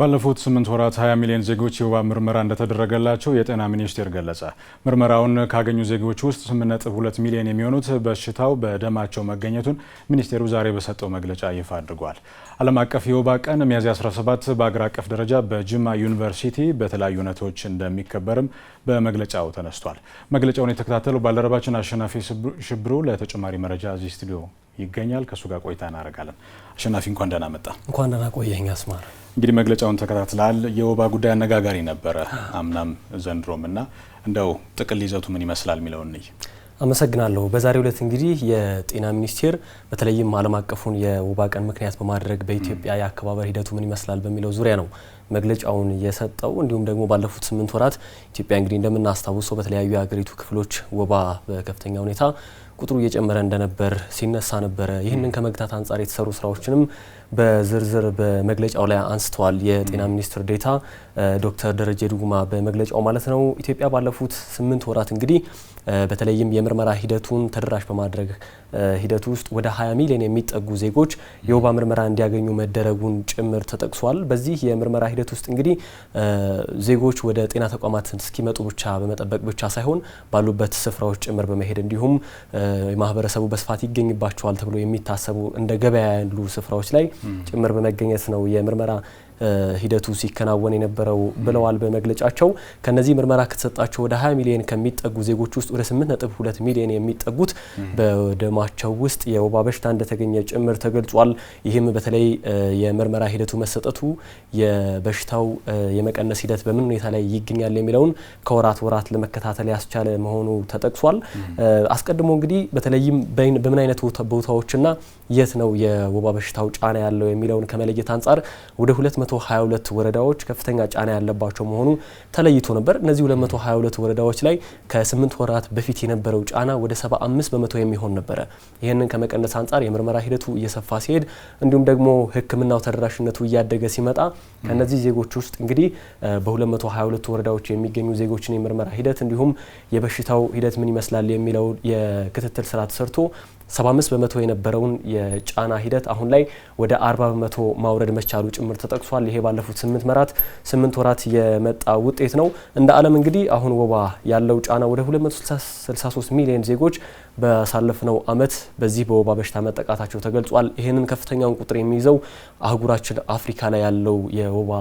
ባለፉት ስምንት ወራት 20 ሚሊዮን ዜጎች የወባ ምርመራ እንደተደረገላቸው የጤና ሚኒስቴር ገለጸ። ምርመራውን ካገኙ ዜጎች ውስጥ 8.2 ሚሊዮን የሚሆኑት በሽታው በደማቸው መገኘቱን ሚኒስቴሩ ዛሬ በሰጠው መግለጫ ይፋ አድርጓል። ዓለም አቀፍ የወባ ቀን ሚያዝያ 17 በአገር አቀፍ ደረጃ በጅማ ዩኒቨርሲቲ በተለያዩ ነቶች እንደሚከበርም በመግለጫው ተነስቷል። መግለጫውን የተከታተለው ባልደረባችን አሸናፊ ሽብሩ ለተጨማሪ መረጃ እዚህ ስቱዲዮ ይገኛል። ከእሱ ጋር ቆይታ እናደርጋለን። አሸናፊ እንኳን ደህና መጣ። እንኳን ደህና ቆየኝ አስማር። እንግዲህ መግለጫውን ተከታትላል። የወባ ጉዳይ አነጋጋሪ ነበረ አምናም ዘንድሮም እና እንደው ጥቅል ይዘቱ ምን ይመስላል የሚለውን እንይ። አመሰግናለሁ። በዛሬው ዕለት እንግዲህ የጤና ሚኒስቴር በተለይም ዓለም አቀፉን የወባ ቀን ምክንያት በማድረግ በኢትዮጵያ የአከባበር ሂደቱ ምን ይመስላል በሚለው ዙሪያ ነው መግለጫውን የሰጠው እንዲሁም ደግሞ ባለፉት ስምንት ወራት ኢትዮጵያ እንግዲህ እንደምናስታውሰው በተለያዩ የሀገሪቱ ክፍሎች ወባ በከፍተኛ ሁኔታ ቁጥሩ እየጨመረ እንደነበር ሲነሳ ነበረ። ይህንን ከመግታት አንጻር የተሰሩ ስራዎችንም በዝርዝር በመግለጫው ላይ አንስተዋል። የጤና ሚኒስትር ዴታ ዶክተር ደረጀ ዱጉማ በመግለጫው ማለት ነው። ኢትዮጵያ ባለፉት ስምንት ወራት እንግዲህ በተለይም የምርመራ ሂደቱን ተደራሽ በማድረግ ሂደቱ ውስጥ ወደ 20 ሚሊዮን የሚጠጉ ዜጎች የወባ ምርመራ እንዲያገኙ መደረጉን ጭምር ተጠቅሷል። በዚህ የምርመራ ሂደት ውስጥ እንግዲህ ዜጎች ወደ ጤና ተቋማት እስኪመጡ ብቻ በመጠበቅ ብቻ ሳይሆን ባሉበት ስፍራዎች ጭምር በመሄድ እንዲሁም ማህበረሰቡ በስፋት ይገኝባቸዋል ተብሎ የሚታሰቡ እንደ ገበያ ያሉ ስፍራዎች ላይ ጭምር በመገኘት ነው የምርመራ ሂደቱ ሲከናወን የነበረው ብለዋል በመግለጫቸው። ከነዚህ ምርመራ ከተሰጣቸው ወደ 20 ሚሊዮን ከሚጠጉ ዜጎች ውስጥ ወደ 8.2 ሚሊዮን የሚጠጉት በደማቸው ውስጥ የወባ በሽታ እንደተገኘ ጭምር ተገልጿል። ይህም በተለይ የምርመራ ሂደቱ መሰጠቱ የበሽታው የመቀነስ ሂደት በምን ሁኔታ ላይ ይገኛል የሚለውን ከወራት ወራት ለመከታተል ያስቻለ መሆኑ ተጠቅሷል። አስቀድሞ እንግዲህ በተለይም በምን አይነት ቦታዎችና የት ነው የወባ በሽታው ጫና ያለው የሚለውን ከመለየት አንጻር ወደ 222 ወረዳዎች ከፍተኛ ጫና ያለባቸው መሆኑ ተለይቶ ነበር። እነዚህ 222 ወረዳዎች ላይ ከ8 ወራት በፊት የነበረው ጫና ወደ 75 በመቶ የሚሆን ነበረ። ይህንን ከመቀነስ አንጻር የምርመራ ሂደቱ እየሰፋ ሲሄድ፣ እንዲሁም ደግሞ ሕክምናው ተደራሽነቱ እያደገ ሲመጣ ከነዚህ ዜጎች ውስጥ እንግዲህ በ222 ወረዳዎች የሚገኙ ዜጎችን የምርመራ ሂደት እንዲሁም የበሽታው ሂደት ምን ይመስላል የሚለው የክትትል ስራ ተሰርቶ 75 በመቶ የነበረውን የጫና ሂደት አሁን ላይ ወደ 40 በመቶ ማውረድ መቻሉ ጭምር ተጠቅሷል። ይሄ ባለፉት 8 መራት 8 ወራት የመጣ ውጤት ነው። እንደ ዓለም እንግዲህ አሁን ወባ ያለው ጫና ወደ 263 ሚሊዮን ዜጎች ባሳለፍነው ዓመት በዚህ በወባ በሽታ መጠቃታቸው ተገልጿል። ይህንን ከፍተኛውን ቁጥር የሚይዘው አህጉራችን አፍሪካ ላይ ያለው የወባ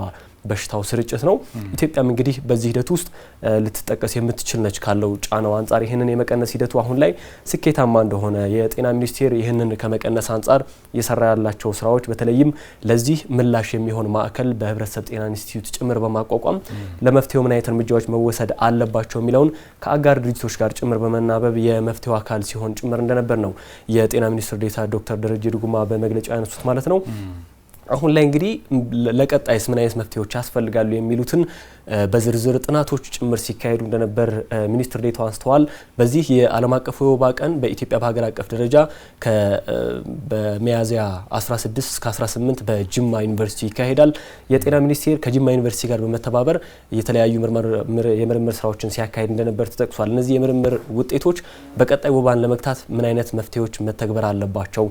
በሽታው ስርጭት ነው። ኢትዮጵያም እንግዲህ በዚህ ሂደት ውስጥ ልትጠቀስ የምትችል ነች ካለው ጫናው አንጻር ይህንን የመቀነስ ሂደቱ አሁን ላይ ስኬታማ እንደሆነ የጤና ሚኒስቴር ይህንን ከመቀነስ አንጻር እየሰራ ያላቸው ስራዎች በተለይም ለዚህ ምላሽ የሚሆን ማዕከል በህብረተሰብ ጤና ኢንስቲትዩት ጭምር በማቋቋም ለመፍትሄው ምን አይነት እርምጃዎች መወሰድ አለባቸው የሚለውን ከአጋር ድርጅቶች ጋር ጭምር በመናበብ የመፍትሄው አካል ሲሆን ጭምር እንደነበር ነው የጤና ሚኒስትር ዴታ ዶክተር ደረጀ ድጉማ በመግለጫ ያነሱት ማለት ነው። አሁን ላይ እንግዲህ ለቀጣይስ ምን አይነት መፍትሄዎች ያስፈልጋሉ የሚሉትን በዝርዝር ጥናቶች ጭምር ሲካሄዱ እንደነበር ሚኒስትር ዴኤታው አንስተዋል። በዚህ የዓለም አቀፍ የወባ ቀን በኢትዮጵያ በሀገር አቀፍ ደረጃ በሚያዝያ 16 እስከ 18 በጅማ ዩኒቨርሲቲ ይካሄዳል። የጤና ሚኒስቴር ከጅማ ዩኒቨርሲቲ ጋር በመተባበር የተለያዩ የምርምር ስራዎችን ሲያካሄድ እንደነበር ተጠቅሷል። እነዚህ የምርምር ውጤቶች በቀጣይ ወባን ለመግታት ምን አይነት መፍትሄዎች መተግበር አለባቸው?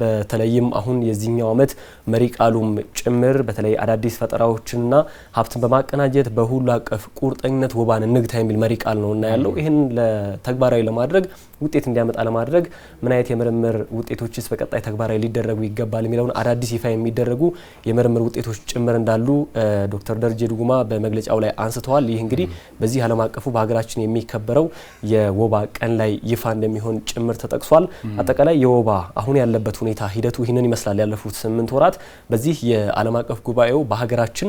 በተለይም አሁን የዚህኛው ዓመት መሪ ቃሉም ጭምር በተለይ አዳዲስ ፈጠራዎችንና ሀብትን በማቀ በማቀናጀት በሁሉ አቀፍ ቁርጠኝነት ወባን ንግታ የሚል መሪ ቃል ነው እና ያለው ይህን ተግባራዊ ለማድረግ ውጤት እንዲያመጣ ለማድረግ ምን አይነት የምርምር ውጤቶችስ በቀጣይ ተግባራዊ ሊደረጉ ይገባል የሚለውን አዳዲስ ይፋ የሚደረጉ የምርምር ውጤቶች ጭምር እንዳሉ ዶክተር ደረጀ ድጉማ በመግለጫው ላይ አንስተዋል። ይህ እንግዲህ በዚህ ዓለም አቀፉ በሀገራችን የሚከበረው የወባ ቀን ላይ ይፋ እንደሚሆን ጭምር ተጠቅሷል። አጠቃላይ የወባ አሁን ያለበት ሁኔታ ሂደቱ ይህንን ይመስላል። ያለፉት ስምንት ወራት በዚህ የዓለም አቀፍ ጉባኤው በሀገራችን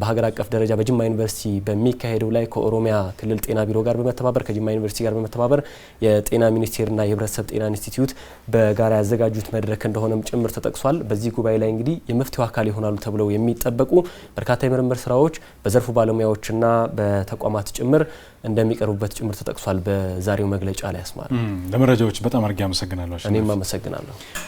በሀገር አቀፍ ደረጃ ደረጃ በጅማ ዩኒቨርሲቲ በሚካሄደው ላይ ከኦሮሚያ ክልል ጤና ቢሮ ጋር በመተባበር ከጅማ ዩኒቨርሲቲ ጋር በመተባበር የጤና ሚኒስቴርና የህብረተሰብ ጤና ኢንስቲትዩት በጋራ ያዘጋጁት መድረክ እንደሆነም ጭምር ተጠቅሷል። በዚህ ጉባኤ ላይ እንግዲህ የመፍትሄው አካል ይሆናሉ ተብለው የሚጠበቁ በርካታ የምርምር ስራዎች በዘርፉ ባለሙያዎችና በተቋማት ጭምር እንደሚቀርቡበት ጭምር ተጠቅሷል። በዛሬው መግለጫ ላይ ያስማል። ለመረጃዎች በጣም አድርጌ አመሰግናለሁ። እኔም አመሰግናለሁ።